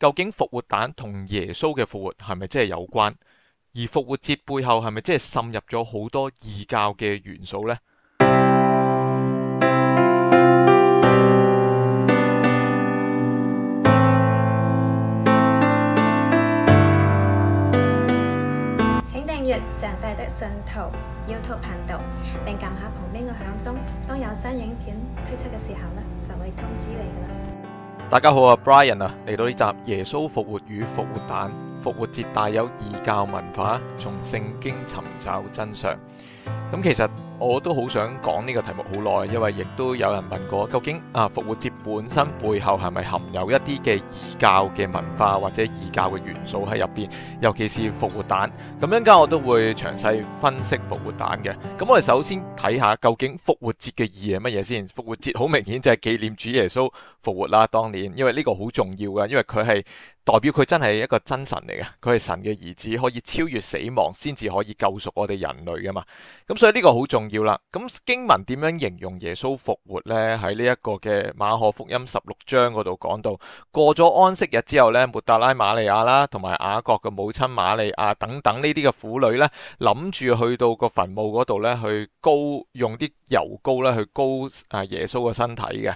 究竟復活蛋同耶穌嘅復活係咪真係有關？而復活節背後係咪真係滲入咗好多異教嘅元素呢？請訂閱上帝的信徒 YouTube 頻道，並撳下旁邊嘅響鐘。當有新影片推出嘅時候呢就會通知你噶啦。大家好啊，我係 Brian 啊，嚟到呢集《耶穌復活與復活蛋》，復活節帶有異教文化，從聖經尋找真相。咁其實我都好想講呢個題目好耐，因為亦都有人問過，究竟，啊復活節本身背後係咪含有一啲嘅異教嘅文化或者異教嘅元素喺入邊？尤其是復活蛋，咁一陣間我都會詳細分析復活蛋嘅。咁我哋首先睇下究竟復活節嘅意義係乜嘢先？復活節好明顯就係紀念主耶穌復活啦，當年，因為呢個好重要噶，因為佢係代表佢真係一個真神嚟嘅，佢係神嘅兒子，可以超越死亡，先至可以救贖我哋人類噶嘛。咁所以呢個好重要啦。咁經文點樣形容耶穌復活呢？喺呢一個嘅馬可福音十六章嗰度講到，過咗安息日之後呢，抹達拉瑪利亞啦，同埋雅各嘅母親瑪利亞等等呢啲嘅婦女呢，諗住去到個墳墓嗰度呢，去高用啲油膏呢，去高啊耶穌嘅身體嘅。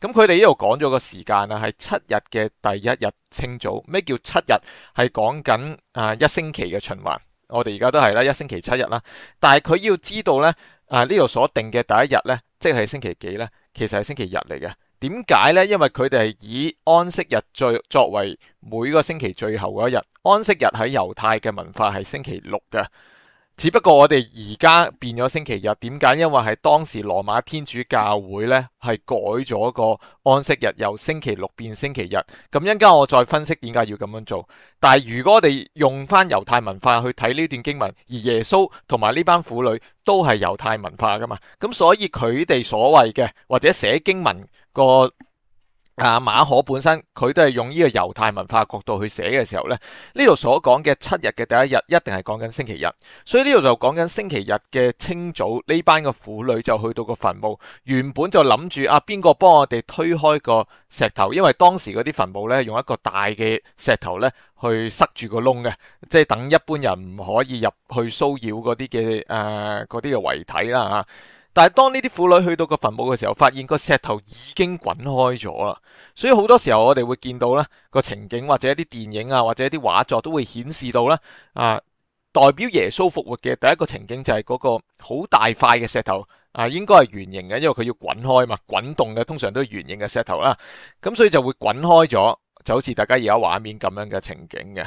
咁佢哋呢度講咗個時間啊，係七日嘅第一日清早。咩叫七日？係講緊啊一星期嘅循環。我哋而家都係啦，一星期七日啦，但係佢要知道呢，啊呢度所定嘅第一日呢，即係星期幾呢？其實係星期日嚟嘅。點解呢？因為佢哋係以安息日最作為每個星期最後嗰一日。安息日喺猶太嘅文化係星期六嘅。只不過我哋而家變咗星期日，點解？因為係當時羅馬天主教會呢，係改咗個安息日由星期六變星期日。咁一陣間我再分析點解要咁樣做。但係如果我哋用翻猶太文化去睇呢段經文，而耶穌同埋呢班婦女都係猶太文化噶嘛？咁所以佢哋所謂嘅或者寫經文個。啊，馬可本身佢都係用呢個猶太文化角度去寫嘅時候呢，呢度所講嘅七日嘅第一日一定係講緊星期日，所以呢度就講緊星期日嘅清早，呢班嘅婦女就去到個墳墓，原本就諗住啊，邊個幫我哋推開個石頭？因為當時嗰啲墳墓呢，用一個大嘅石頭呢去塞住個窿嘅，即係等一般人唔可以入去騷擾嗰啲嘅誒，嗰啲嘅遺體啦吓。啊但係當呢啲婦女去到個墳墓嘅時候，發現個石頭已經滾開咗啦。所以好多時候我哋會見到呢個情景，或者一啲電影啊，或者一啲畫作都會顯示到呢，啊代表耶穌復活嘅第一個情景就係嗰個好大塊嘅石頭啊，應該係圓形嘅，因為佢要滾開嘛，滾動嘅通常都係圓形嘅石頭啦。咁、啊、所以就會滾開咗，就好似大家而家畫面咁樣嘅情景嘅。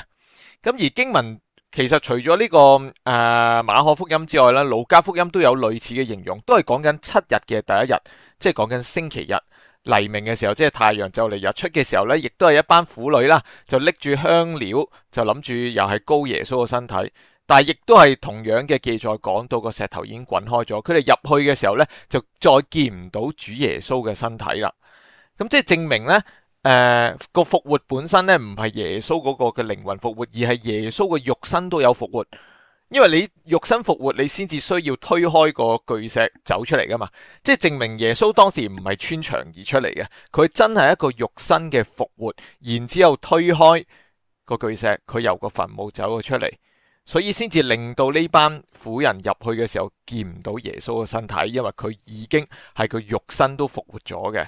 咁而經文。其實除咗呢、這個誒、呃、馬可福音之外咧，路加福音都有類似嘅形容，都係講緊七日嘅第一日，即係講緊星期日黎明嘅時候，即係太陽就嚟日出嘅時候咧，亦都係一班婦女啦，就拎住香料，就諗住又係高耶穌嘅身體，但係亦都係同樣嘅記載講到個石頭已經滾開咗，佢哋入去嘅時候咧，就再見唔到主耶穌嘅身體啦。咁即係證明咧。誒，個復、uh, 活本身咧唔係耶穌嗰個嘅靈魂復活，而係耶穌個肉身都有復活。因為你肉身復活，你先至需要推開個巨石走出嚟噶嘛，即係證明耶穌當時唔係穿牆而出嚟嘅，佢真係一個肉身嘅復活，然之後推開個巨石，佢由個墳墓走咗出嚟，所以先至令到呢班婦人入去嘅時候見唔到耶穌嘅身體，因為佢已經係佢肉身都復活咗嘅。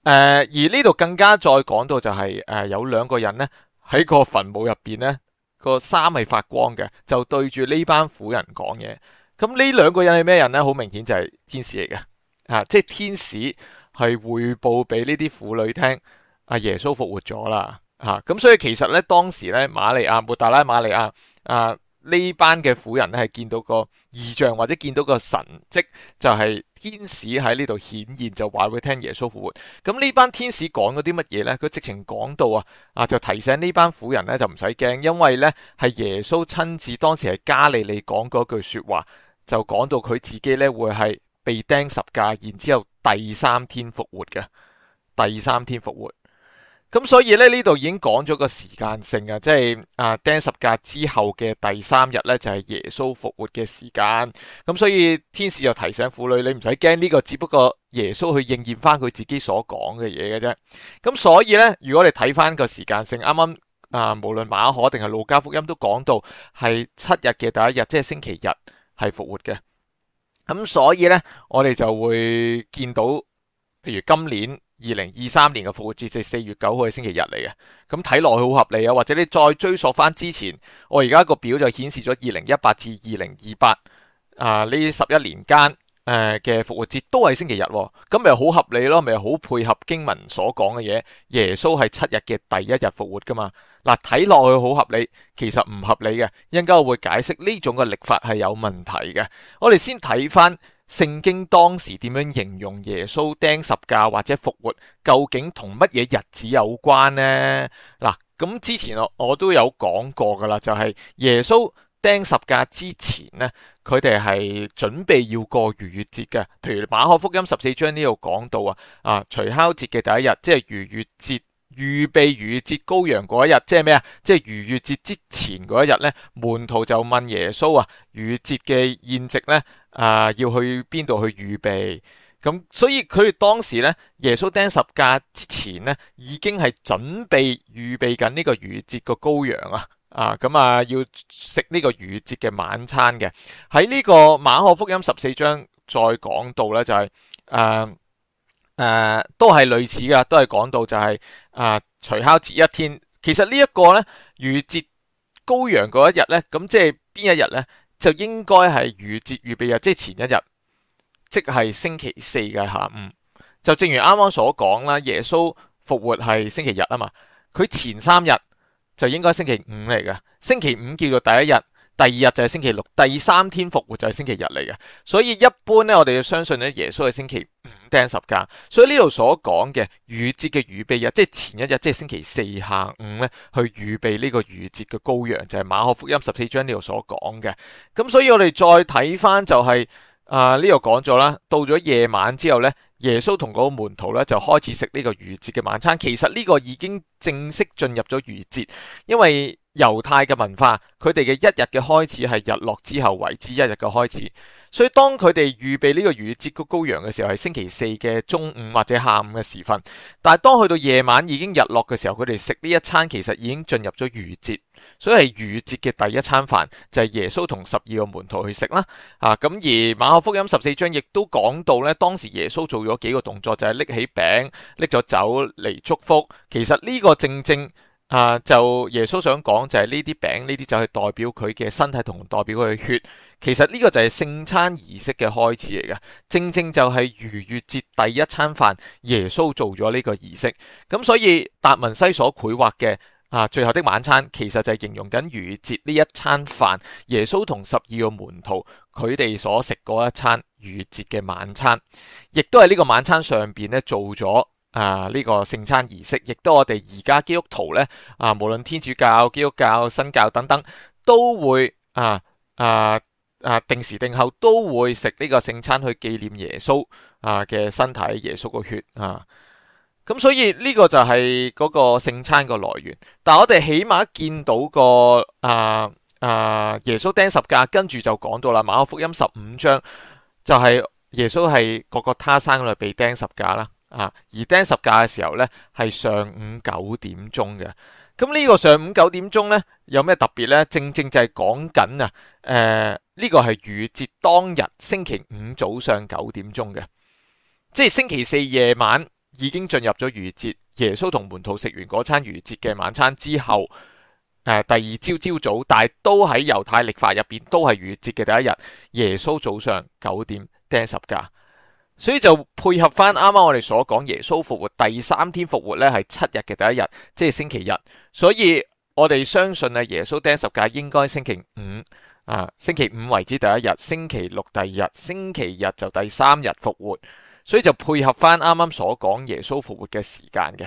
誒、呃，而呢度更加再講到就係、是、誒、呃，有兩個人咧喺個墳墓入邊咧個衫係發光嘅，就對住呢班婦人講嘢。咁、嗯、呢兩個人係咩人咧？好明顯就係天使嚟嘅吓，即係天使係匯報俾呢啲婦女聽，阿、啊、耶穌復活咗啦吓。咁、啊、所以其實咧當時咧馬利亞、抹大拉馬利亞啊婦呢班嘅婦人咧係見到個異象或者見到個神蹟、就是，就係、是。天使喺呢度顯現就話俾佢聽耶穌復活，咁呢班天使講嗰啲乜嘢呢？佢直情講到啊啊，就提醒呢班婦人咧就唔使驚，因為呢係耶穌親自當時係加利利講嗰句説話，就講到佢自己呢會係被釘十架，然之後第三天復活嘅，第三天復活。咁所以咧呢度已經講咗個時間性啊，即係啊釘十架之後嘅第三日咧就係耶穌復活嘅時間。咁所以天使又提醒婦女，你唔使驚呢個，只不過耶穌去應驗翻佢自己所講嘅嘢嘅啫。咁所以咧，如果你睇翻個時間性，啱啱啊無論馬可定係路加福音都講到係七日嘅第一日，即係星期日係復活嘅。咁所以咧，我哋就會見到譬如今年。二零二三年嘅復活節即係四月九號係星期日嚟嘅，咁睇落去好合理啊！或者你再追溯翻之前，我而家個表就顯示咗二零一八至二零二八啊呢十一年間誒嘅復活節都係星期日，咁咪好合理咯？咪好配合經文所講嘅嘢，耶穌係七日嘅第一日復活噶嘛？嗱，睇落去好合理，其實唔合理嘅，一陣間我會解釋呢種嘅曆法係有問題嘅。我哋先睇翻。聖經當時點樣形容耶穌釘十架或者復活，究竟同乜嘢日子有關呢？嗱、啊，咁之前我我都有講過噶啦，就係、是、耶穌釘十架之前咧，佢哋係準備要過逾越節嘅。譬如馬可福音十四章呢度講到啊，啊除酵節嘅第一日，即係逾越節。預備逾節羔羊嗰一日，即係咩啊？即係逾越節之前嗰一日咧，門徒就問耶穌啊，逾節嘅宴席咧，啊要去邊度去預備？咁所以佢哋當時咧，耶穌釘十架之前咧，已經係準備預備緊呢個逾節個羔羊啊！啊咁啊，要食呢個逾節嘅晚餐嘅。喺呢、這個馬可福音十四章再講到咧，就係、是、誒。啊誒、呃，都係類似噶，都係講到就係、是、啊，除、呃、酵節一天。其實呢一個咧，逾節羔羊嗰一日咧，咁即係邊一日呢？就應該係逾節預備日，即係前一日，即係星期四嘅下午。嗯、就正如啱啱所講啦，耶穌復活係星期日啊嘛，佢前三日就應該星期五嚟嘅，星期五叫做第一日。第二日就係星期六，第三天復活就係星期日嚟嘅，所以一般咧，我哋要相信咧，耶穌係星期五釘十架，所以呢度所講嘅逾節嘅預備日，即係前一日，即係星期四下午咧，去預備呢個逾節嘅羔羊，就係馬可福音十四章呢度所講嘅。咁所以我哋再睇翻就係啊，呢度講咗啦，到咗夜晚之後咧，耶穌同嗰個門徒咧就開始食呢個逾節嘅晚餐。其實呢個已經正式進入咗逾節，因為猶太嘅文化，佢哋嘅一日嘅開始係日落之後為之一日嘅開始。所以當佢哋預備呢個逾節嘅羔羊嘅時候，係星期四嘅中午或者下午嘅時分。但係當去到夜晚已經日落嘅時候，佢哋食呢一餐其實已經進入咗逾節，所以係逾節嘅第一餐飯就係耶穌同十二個門徒去食啦。啊，咁而馬可福音十四章亦都講到呢，當時耶穌做咗幾個動作，就係拎起餅，拎咗酒嚟祝福。其實呢個正正正。啊！就耶穌想講就係呢啲餅，呢啲就係代表佢嘅身體同代表佢嘅血，其實呢個就係聖餐儀式嘅開始嚟嘅，正正就係逾越節第一餐飯耶穌做咗呢個儀式，咁所以達文西所繪畫嘅啊最後的晚餐其實就係形容緊逾越節呢一餐飯耶穌同十二個門徒佢哋所食過一餐逾越節嘅晚餐，亦都係呢個晚餐上邊咧做咗。啊！呢、這個聖餐儀式，亦都我哋而家基督徒呢，啊，無論天主教、基督教、新教等等，都會啊啊啊定時定候都會食呢個聖餐去紀念耶穌啊嘅身體、耶穌個血啊。咁所以呢個就係嗰個聖餐個來源，但係我哋起碼見到個啊啊耶穌釘十架，跟住就講到啦，馬可福音十五章就係、是、耶穌係各各他生內被釘十架啦。啊！而釘十架嘅時候呢，係上午九點鐘嘅。咁、啊、呢、這個上午九點鐘呢，有咩特別呢？正正就係講緊啊，誒、呃，呢、這個係逾節當日星期五早上九點鐘嘅，即係星期四夜晚已經進入咗逾節。耶穌同門徒食完嗰餐逾節嘅晚餐之後，誒、呃，第二朝朝早，早，早，但係都喺猶太曆法入邊都係逾節嘅第一日。耶穌早上九點釘十架。所以就配合翻啱啱我哋所講耶穌復活第三天復活咧，係七日嘅第一日，即係星期日。所以我哋相信啊，耶穌釘十架應該星期五啊，星期五為止第一日，星期六第二日，星期日就第三日復活。所以就配合翻啱啱所講耶穌復活嘅時間嘅。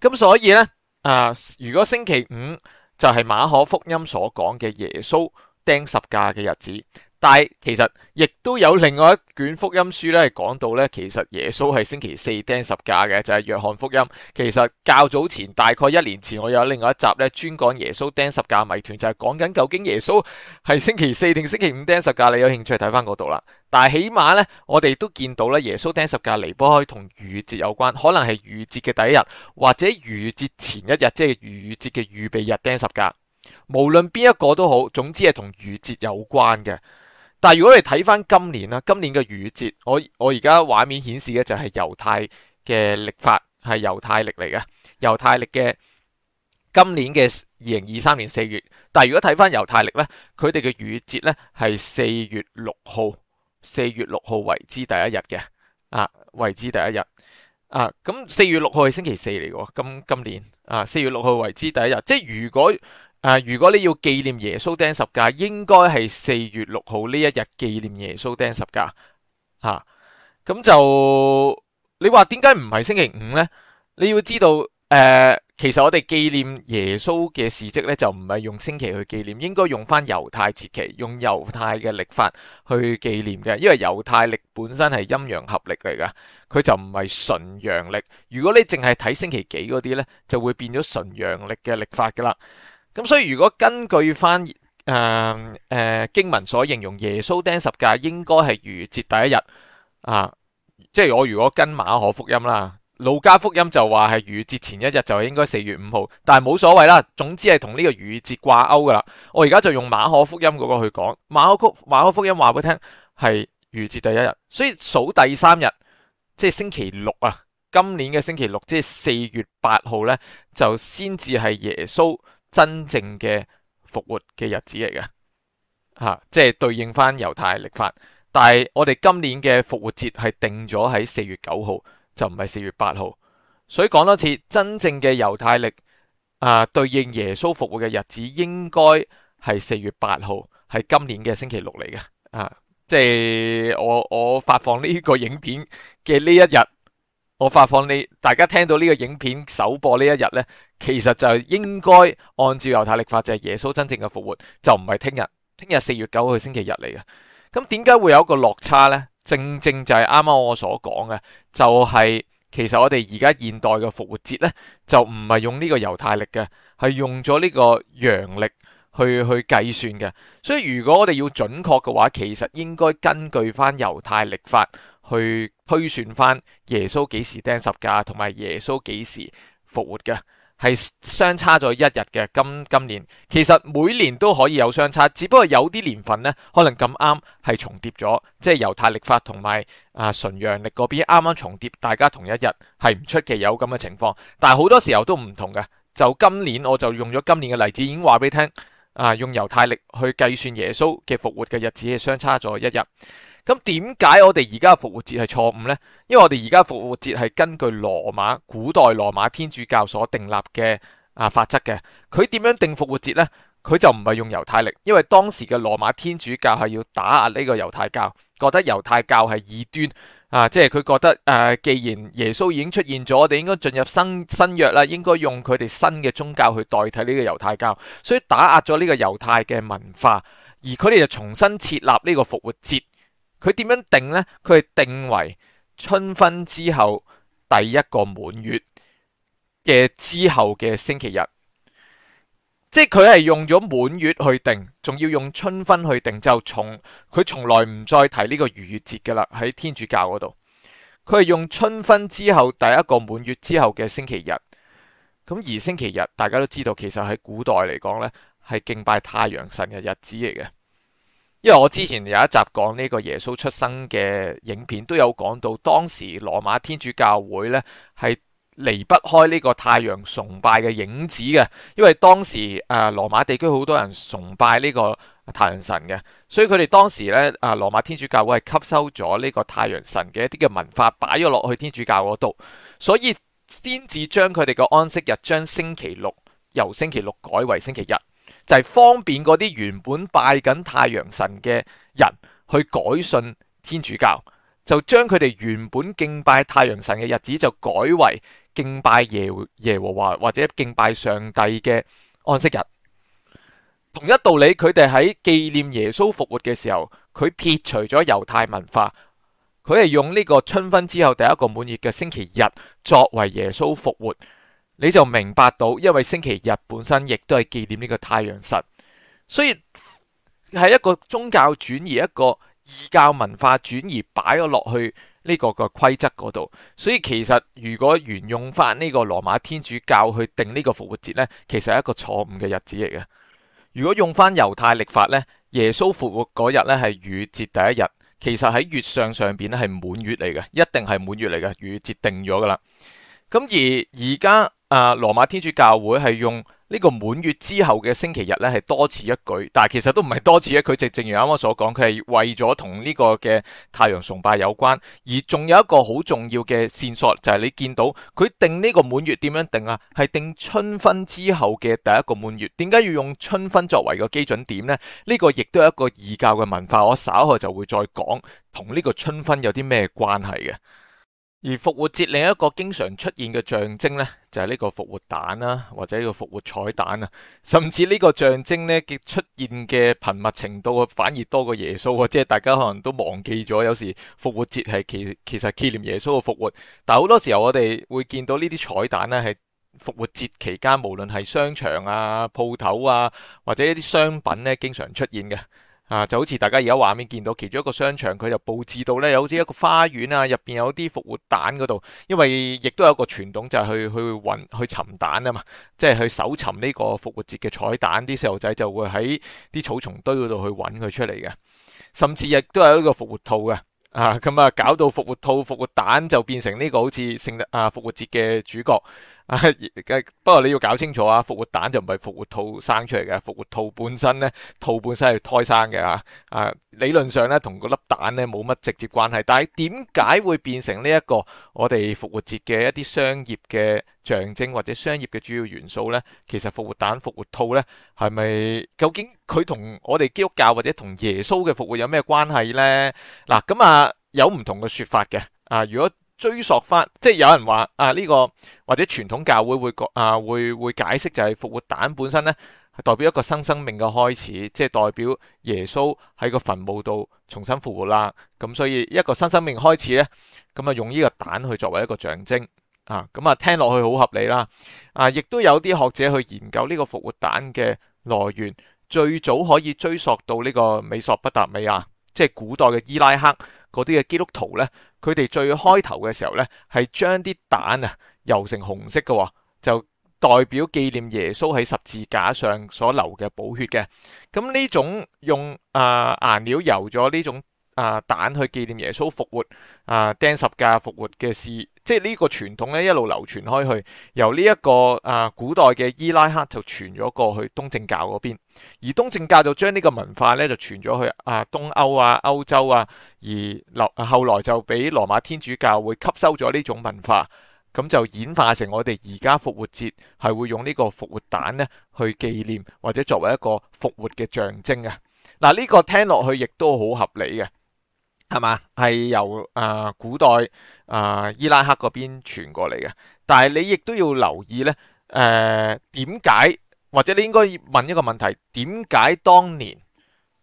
咁所以呢，啊，如果星期五就係馬可福音所講嘅耶穌釘十架嘅日子。但係，其實亦都有另外一卷福音書咧，係講到咧，其實耶穌係星期四釘十架嘅，就係約翰福音。其實較早前大概一年前，我有另外一集咧，專講耶穌釘十架迷團，就係講緊究竟耶穌係星期四定星期五釘十架。你有興趣睇翻嗰度啦。但係起碼咧，我哋都見到咧，耶穌釘十架離不開同逾越節有關，可能係逾越節嘅第一日，或者逾越節前一日，即係逾越節嘅預備日釘十架。無論邊一個都好，總之係同逾越節有關嘅。但係如果你睇翻今年啦，今年嘅逾節，我我而家畫面顯示嘅就係猶太嘅曆法，係猶太曆嚟嘅，猶太曆嘅今年嘅二零二三年四月。但係如果睇翻猶太曆咧，佢哋嘅逾節咧係四月六號，四月六號為之第一日嘅，啊，為之第一日，啊，咁四月六號係星期四嚟嘅，今今年，啊，四月六號為之第一日，即係如果。誒、呃，如果你要紀念耶穌釘十架，應該係四月六號呢一日紀念耶穌釘十架吓。咁、啊、就你話點解唔係星期五呢？你要知道誒、呃，其實我哋紀念耶穌嘅事跡呢，就唔係用星期去紀念，應該用返猶太節期，用猶太嘅曆法去紀念嘅。因為猶太曆本身係陰陽合曆嚟噶，佢就唔係純陽曆。如果你淨係睇星期幾嗰啲呢，就會變咗純陽曆嘅曆法噶啦。咁所以如果根據返誒誒經文所形容，耶穌釘十架應該係逾節第一日啊。即係我如果跟馬可福音啦、路加福音就話係逾節前一日，就應該四月五號，但係冇所謂啦。總之係同呢個逾節掛鈎噶啦。我而家就用馬可福音嗰個去講，馬可福音話俾你聽係逾節第一日，所以數第三日即係星期六啊。今年嘅星期六即係四月八號呢，就先至係耶穌。真正嘅復活嘅日子嚟㗎，吓、啊、即係對應翻猶太曆法，但係我哋今年嘅復活節係定咗喺四月九號，就唔係四月八號，所以講多次，真正嘅猶太曆啊對應耶穌復活嘅日子應該係四月八號，係今年嘅星期六嚟嘅，啊，即係我我發放呢個影片嘅呢一日。我發放你，大家聽到呢個影片首播呢一日呢，其實就應該按照猶太曆法，就係耶穌真正嘅復活，就唔係聽日，聽日四月九號星期日嚟嘅。咁點解會有一個落差呢？正正就係啱啱我所講嘅，就係其實我哋而家現代嘅復活節呢，就唔係用呢個猶太曆嘅，係用咗呢個陽曆去去計算嘅。所以如果我哋要準確嘅話，其實應該根據返猶太曆法。去推算翻耶穌幾時釘十架，同埋耶穌幾時復活嘅，係相差咗一日嘅。今，今年其實每年都可以有相差，只不過有啲年份呢，可能咁啱係重疊咗，即係猶太曆法同埋啊純陽曆嗰邊啱啱重疊，大家同一日係唔出奇有咁嘅情況。但係好多時候都唔同嘅，就今年我就用咗今年嘅例子已經話俾你聽，啊用猶太曆去計算耶穌嘅復活嘅日子係相差咗一日。咁點解我哋而家復活節係錯誤呢？因為我哋而家復活節係根據羅馬古代羅馬天主教所定立嘅啊法則嘅。佢點樣定復活節呢？佢就唔係用猶太歷，因為當時嘅羅馬天主教係要打壓呢個猶太教，覺得猶太教係異端啊。即係佢覺得誒、啊，既然耶穌已經出現咗，我哋應該進入新新約啦，應該用佢哋新嘅宗教去代替呢個猶太教，所以打壓咗呢個猶太嘅文化，而佢哋就重新設立呢個復活節。佢點樣定呢？佢係定為春分之後第一個滿月嘅之後嘅星期日，即係佢係用咗滿月去定，仲要用春分去定。就從佢從來唔再提呢個逾越節㗎喇。喺天主教嗰度，佢係用春分之後第一個滿月之後嘅星期日。咁而星期日，大家都知道，其實喺古代嚟講呢，係敬拜太陽神嘅日子嚟嘅。因為我之前有一集講呢個耶穌出生嘅影片，都有講到當時羅馬天主教會呢係離不開呢個太陽崇拜嘅影子嘅，因為當時誒、啊、羅馬地區好多人崇拜呢個太陽神嘅，所以佢哋當時呢，啊羅馬天主教會係吸收咗呢個太陽神嘅一啲嘅文化擺咗落去天主教嗰度，所以先至將佢哋個安息日將星期六由星期六改為星期日。就係方便嗰啲原本拜緊太陽神嘅人去改信天主教，就將佢哋原本敬拜太陽神嘅日子就改為敬拜耶耶和華或者敬拜上帝嘅安息日。同一道理，佢哋喺紀念耶穌復活嘅時候，佢撇除咗猶太文化，佢係用呢個春分之後第一個滿月嘅星期日作為耶穌復活。你就明白到，因為星期日本身亦都係紀念呢個太陽神，所以係一個宗教轉移，一個異教文化轉移擺咗落去呢個個規則嗰度。所以其實如果沿用翻呢個羅馬天主教去定呢個復活節呢，其實係一個錯誤嘅日子嚟嘅。如果用翻猶太曆法呢，耶穌復活嗰日呢，係逾節第一日，其實喺月相上邊咧係滿月嚟嘅，一定係滿月嚟嘅，逾節定咗㗎喇。咁而而家。啊！羅、uh, 馬天主教會係用呢個滿月之後嘅星期日咧，係多此一舉，但係其實都唔係多此一舉。佢正如啱啱所講，佢係為咗同呢個嘅太陽崇拜有關，而仲有一個好重要嘅線索就係、是、你見到佢定呢個滿月點樣定啊？係定春分之後嘅第一個滿月。點解要用春分作為個基準點呢？呢、這個亦都係一個異教嘅文化。我稍後就會再講同呢個春分有啲咩關係嘅。而復活節另一個經常出現嘅象徵呢，就係呢個復活蛋啦，或者呢個復活彩蛋啊，甚至呢個象徵呢，嘅出現嘅頻密程度，反而多過耶穌。即係大家可能都忘記咗，有時復活節係其其實紀念耶穌嘅復活。但好多時候我哋會見到呢啲彩蛋呢，係復活節期間，無論係商場啊、鋪頭啊，或者一啲商品呢，經常出現嘅。啊，就好似大家而家畫面見到，其中一個商場佢就佈置到呢，好似一個花園啊，入邊有啲復活蛋嗰度，因為亦都有一個傳統就係、是、去去揾去尋蛋啊嘛，即係去搜尋呢個復活節嘅彩蛋，啲細路仔就會喺啲草叢堆嗰度去揾佢出嚟嘅，甚至亦都有一個復活兔嘅，啊咁啊，搞到復活兔、復活蛋就變成呢個好似聖誕啊復活節嘅主角。 不過你要搞清楚啊，復活蛋就唔係復活兔生出嚟嘅，復活兔本身咧，兔本身係胎生嘅啊！啊，理論上咧，同個粒蛋咧冇乜直接關係。但係點解會變成呢一個我哋復活節嘅一啲商業嘅象徵或者商業嘅主要元素咧？其實復活蛋、復活兔咧，係咪究竟佢同我哋基督教或者同耶穌嘅復活有咩關係咧？嗱、啊，咁啊，有唔同嘅説法嘅啊，如果。追溯翻，即係有人話啊，呢、這個或者傳統教會會講啊，會會解釋就係復活蛋本身呢，咧，代表一個新生，生命嘅開始，即係代表耶穌喺個墳墓度重新復活啦。咁所以一個新生，生命開始呢，咁、嗯、啊用呢個蛋去作為一個象徵啊。咁、嗯、啊聽落去好合理啦。啊，亦都有啲學者去研究呢個復活蛋嘅來源，最早可以追溯到呢個美索不達米亞，即係古代嘅伊拉克嗰啲嘅基督徒呢。佢哋最開頭嘅時候咧，係將啲蛋啊油成紅色嘅、哦，就代表紀念耶穌喺十字架上所流嘅寶血嘅。咁、嗯、呢種用啊、呃、顏料油咗呢種。啊蛋去紀念耶穌復活啊釘十架復活嘅事，即係呢個傳統咧一路流傳開去，由呢、這、一個啊古代嘅伊拉克就傳咗過去東正教嗰邊，而東正教就將呢個文化咧就傳咗去啊東歐啊歐洲啊，而落、啊、後來就俾羅馬天主教會吸收咗呢種文化，咁就演化成我哋而家復活節係會用呢個復活蛋咧去紀念或者作為一個復活嘅象徵啊。嗱、這、呢個聽落去亦都好合理嘅。係嘛？係由啊、呃、古代啊、呃、伊拉克嗰邊傳過嚟嘅。但係你亦都要留意呢，誒，點解？或者你應該問一個問題：點解當年誒、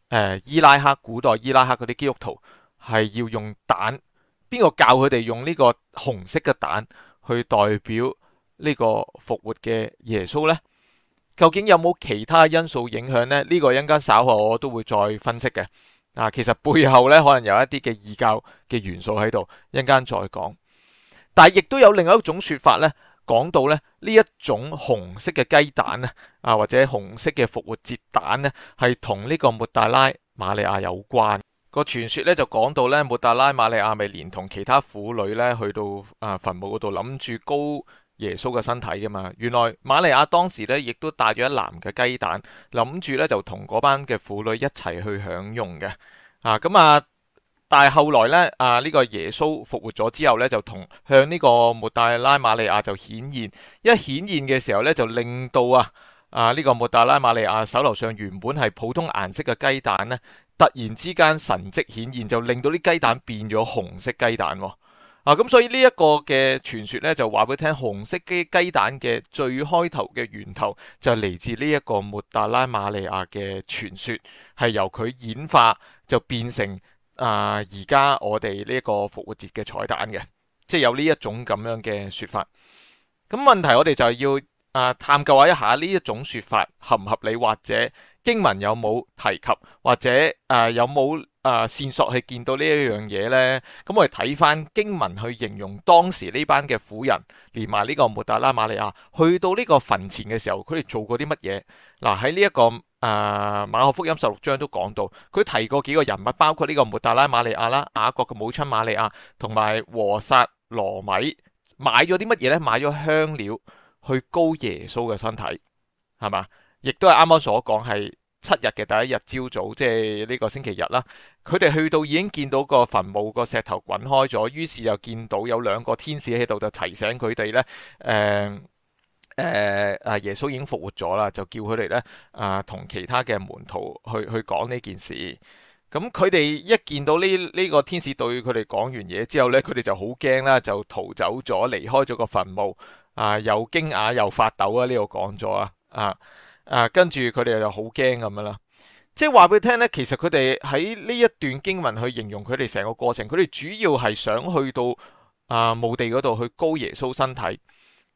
呃、伊拉克古代伊拉克嗰啲基督徒係要用蛋？邊個教佢哋用呢個紅色嘅蛋去代表呢個復活嘅耶穌呢？究竟有冇其他因素影響呢？呢、這個一陣間稍後我都會再分析嘅。啊，其實背後咧可能有一啲嘅異教嘅元素喺度，一陣間再講。但係亦都有另外一種説法咧，講到咧呢一種紅色嘅雞蛋咧，啊或者紅色嘅復活節蛋咧，係同呢個抹大拉瑪利亞有關。個傳説咧就講到咧，抹大拉瑪利亞咪連同其他婦女咧去到啊墳墓嗰度諗住高耶穌嘅身體噶嘛，原來瑪利亞當時咧，亦都帶咗一籃嘅雞蛋，諗住咧就同嗰班嘅婦女一齊去享用嘅。啊，咁啊，但係後來咧，啊呢個耶穌復活咗之後咧，就同向呢個抹大拉瑪利亞就顯現，一顯現嘅時候咧，就令到啊啊呢個抹大拉瑪利亞手頭上原本係普通顏色嘅雞蛋咧，突然之間神跡顯現，就令到啲雞蛋變咗紅色雞蛋。啊，咁所以呢一個嘅傳說咧，就話俾你聽，紅色嘅雞蛋嘅最開頭嘅源頭就嚟自呢一個抹大拉馬利亞嘅傳說，係由佢演化就變成啊而家我哋呢一個復活節嘅彩蛋嘅，即係有呢一種咁樣嘅説法。咁問題我哋就要啊、呃、探究一下呢一種説法合唔合理，或者經文有冇提及，或者啊、呃、有冇？啊！線索去見到呢一樣嘢呢。咁我哋睇翻經文去形容當時呢班嘅婦人，連埋呢個抹大拉瑪利亞，去到呢個墳前嘅時候，佢哋做過啲乜嘢？嗱、啊，喺呢一個啊馬可福音十六章都講到，佢提過幾個人物，包括呢個抹大拉瑪利亞啦、雅各嘅母親瑪利亞，同埋和撒羅米買咗啲乜嘢呢？買咗香料去膏耶穌嘅身體，係嘛？亦都係啱啱所講係。七日嘅第一日朝早，即係呢個星期日啦。佢哋去到已經見到個墳墓個石頭滾開咗，於是就見到有兩個天使喺度，就提醒佢哋咧，誒誒啊耶穌已經復活咗啦，就叫佢哋咧啊同其他嘅門徒去去，去講呢件事。咁佢哋一見到呢、呢、這個天使對佢哋講完嘢之後咧，佢哋就好驚啦，就逃走咗離開咗個墳墓啊、呃，又驚訝又發抖，這個、啊，呢度講咗啊啊。啊，跟住佢哋又好驚咁樣啦，即係話俾你聽呢，其實佢哋喺呢一段經文去形容佢哋成個過程，佢哋主要係想去到啊墓地嗰度去膏耶穌身體，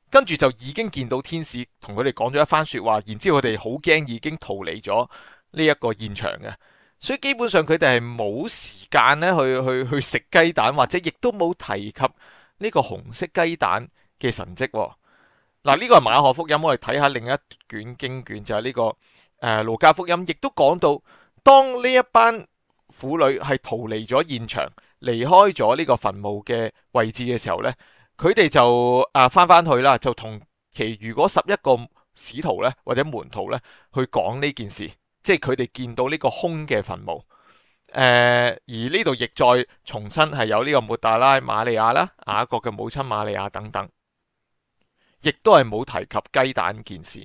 跟住就已經見到天使同佢哋講咗一番說話，然之後佢哋好驚，已經逃離咗呢一個現場嘅，所以基本上佢哋係冇時間咧去去去食雞蛋，或者亦都冇提及呢個紅色雞蛋嘅神跡哦。嗱，呢個係馬可福音，我哋睇下另一卷經卷，就係呢個誒路加福音，亦都講到當呢一班婦女係逃離咗現場，離開咗呢個墳墓嘅位置嘅時候呢，佢哋就啊返返去啦，就同其餘嗰十一個使徒呢，或者門徒呢，去講呢件事，即係佢哋見到呢個空嘅墳墓。誒、呃，而呢度亦再重申係有呢個抹大拉瑪利亞啦，雅各嘅母親瑪利亞等等。亦都係冇提及雞蛋件事，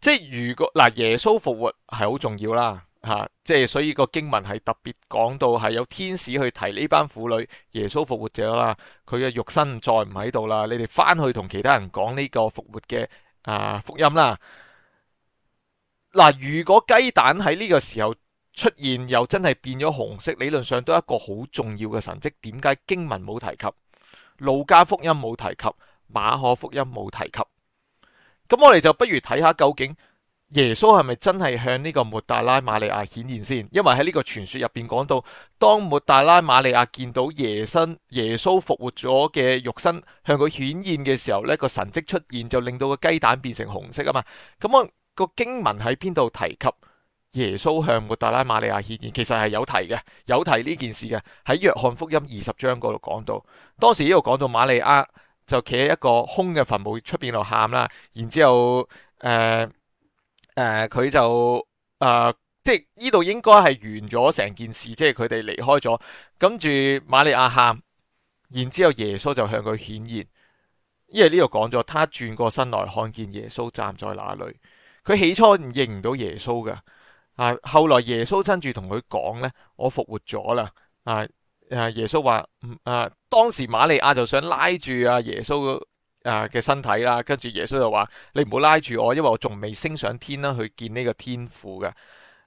即係如果嗱、啊，耶穌復活係好重要啦，嚇、啊！即係所以個經文係特別講到係有天使去提呢班婦女，耶穌復活咗啦，佢嘅肉身再唔喺度啦，你哋翻去同其他人講呢個復活嘅啊福音啦。嗱、啊，如果雞蛋喺呢個時候出現，又真係變咗紅色，理論上都一個好重要嘅神跡，點解經文冇提及？《路加福音》冇提及？馬可福音冇提及，咁我哋就不如睇下究竟耶穌係咪真係向呢個抹大拉瑪利亞顯現先？因為喺呢個傳說入邊講到，當抹大拉瑪利亞見到耶穌，耶穌復活咗嘅肉身向佢顯現嘅時候，呢個神跡出現就令到個雞蛋變成紅色啊嘛。咁我、嗰個經文喺邊度提及耶穌向抹大拉瑪利亞顯現？其實係有提嘅，有提呢件事嘅喺約翰福音二十章嗰度講到，當時呢度講到瑪利亞。就企喺一個空嘅墳墓出邊度喊啦，然之後誒誒佢就啊、呃，即係呢度應該係完咗成件事，即係佢哋離開咗。跟住瑪利亞喊，然之後耶穌就向佢顯現，因為呢度講咗，他轉過身來看見耶穌站在那裏，佢起初認唔到耶穌噶啊，後來耶穌跟住同佢講咧，我復活咗啦啊！誒耶穌話唔啊。當時瑪利亞就想拉住啊耶穌嘅身體啦，跟住耶穌就話： 你唔好拉住我，因為我仲未升上天啦，去見呢個天父嘅。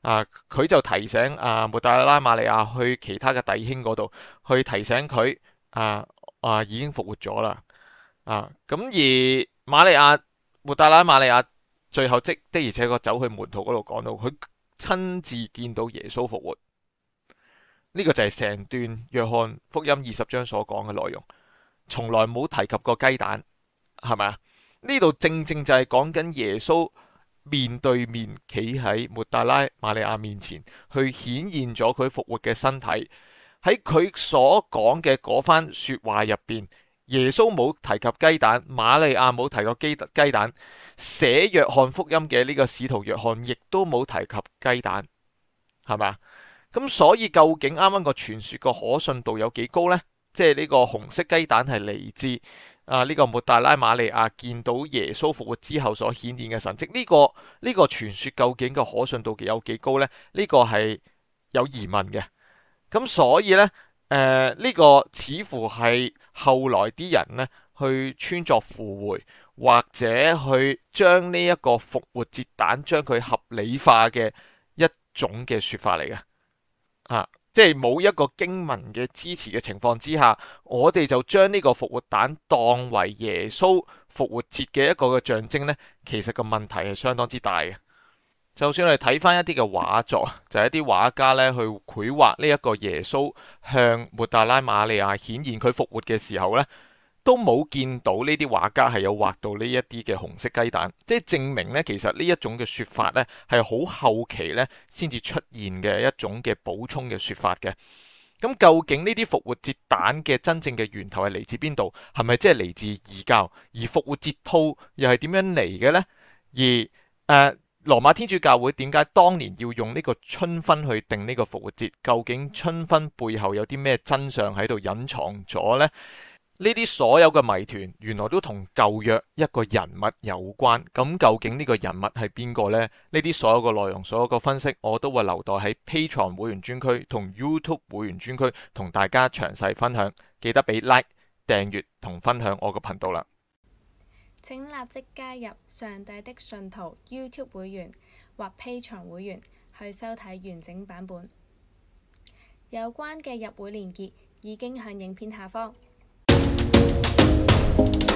啊，佢就提醒啊抹大拉瑪利亞去其他嘅弟兄嗰度，去提醒佢啊啊，已經復活咗啦。啊，咁而瑪利亞，抹大拉瑪利亞最後即的而且確走去門徒嗰度講到，佢親自見到耶穌復活。呢個就係成段約翰福音二十章所講嘅內容，從來冇提及過雞蛋，係咪啊？呢度正正就係講緊耶穌面對面企喺抹大拉瑪利亞面前，去顯現咗佢復活嘅身體。喺佢所講嘅嗰番説話入邊，耶穌冇提及雞蛋，瑪利亞冇提及過雞蛋，寫約翰福音嘅呢個使徒約翰亦都冇提及雞蛋，係咪啊？咁所以究竟啱啱個傳說個可信度有幾高咧？即係呢個紅色雞蛋係嚟自啊呢、這個抹大拉瑪利亞見到耶穌復活之後所顯現嘅神蹟。呢、這個呢、這個傳說究竟個可信度有幾高咧？呢、這個係有疑問嘅。咁所以咧，誒、呃、呢、這個似乎係後來啲人咧去穿鑿附會，或者去將呢一個復活節蛋將佢合理化嘅一種嘅說法嚟嘅。啊！即係冇一個經文嘅支持嘅情況之下，我哋就將呢個復活蛋當為耶穌復活節嘅一個嘅象徵呢，其實個問題係相當之大嘅。就算我哋睇翻一啲嘅畫作，就係一啲畫家咧去繪畫呢一個耶穌向抹大拉瑪利亞顯現佢復活嘅時候呢。都冇見到呢啲畫家係有畫到呢一啲嘅紅色雞蛋，即係證明呢其實呢一種嘅説法呢係好後期呢先至出現嘅一種嘅補充嘅説法嘅。咁究竟呢啲復活節蛋嘅真正嘅源頭係嚟自邊度？係咪即係嚟自異教？而復活節兔又係點樣嚟嘅呢？而誒，呃，羅馬天主教會點解當年要用呢個春分去定呢個復活節？究竟春分背後有啲咩真相喺度隱藏咗呢？呢啲所有嘅謎團原來都同舊約一個人物有關。咁究竟呢個人物係邊個呢？呢啲所有嘅內容，所有嘅分析，我都會留待喺 Patreon 會員專區同 YouTube 會員專區同大家詳細分享。記得俾 Like、訂閱同分享我個頻道啦！請立即加入上帝的信徒 YouTube 會員或 Patreon 會員去收睇完整版本。有關嘅入會連結已經向影片下方。